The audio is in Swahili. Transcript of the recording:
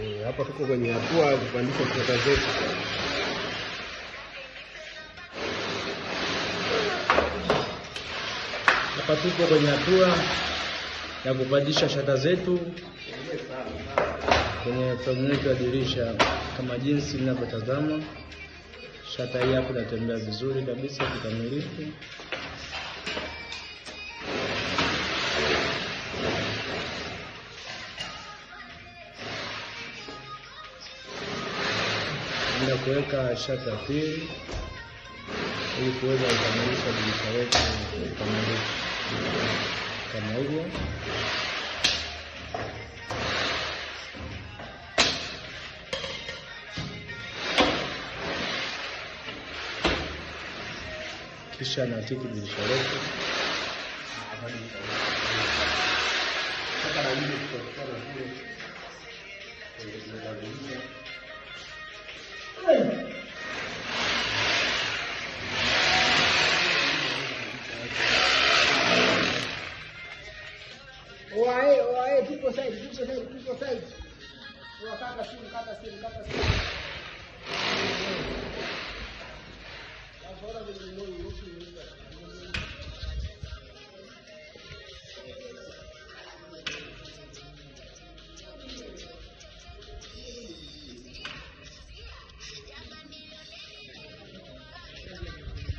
Eh, hapa tuko kwenye hatua ya kupandisha kutoka zetu. Hapa tuko kwenye hatua ya kupandisha shata zetu kwenye fremu yetu ya dirisha, kama jinsi linavyotazama shata hii hapo inatembea vizuri kabisa kikamilifu. bila kuweka shaka pili ili kuweza kukamilisha dirisha letu kikamilifu kama hivyo. Kisha natiki dirisha letu Thank you. aê, aí, tudo consegue, tudo consegue, tudo consegue. Colocar pra cima, cá pra cima, cá pra cima.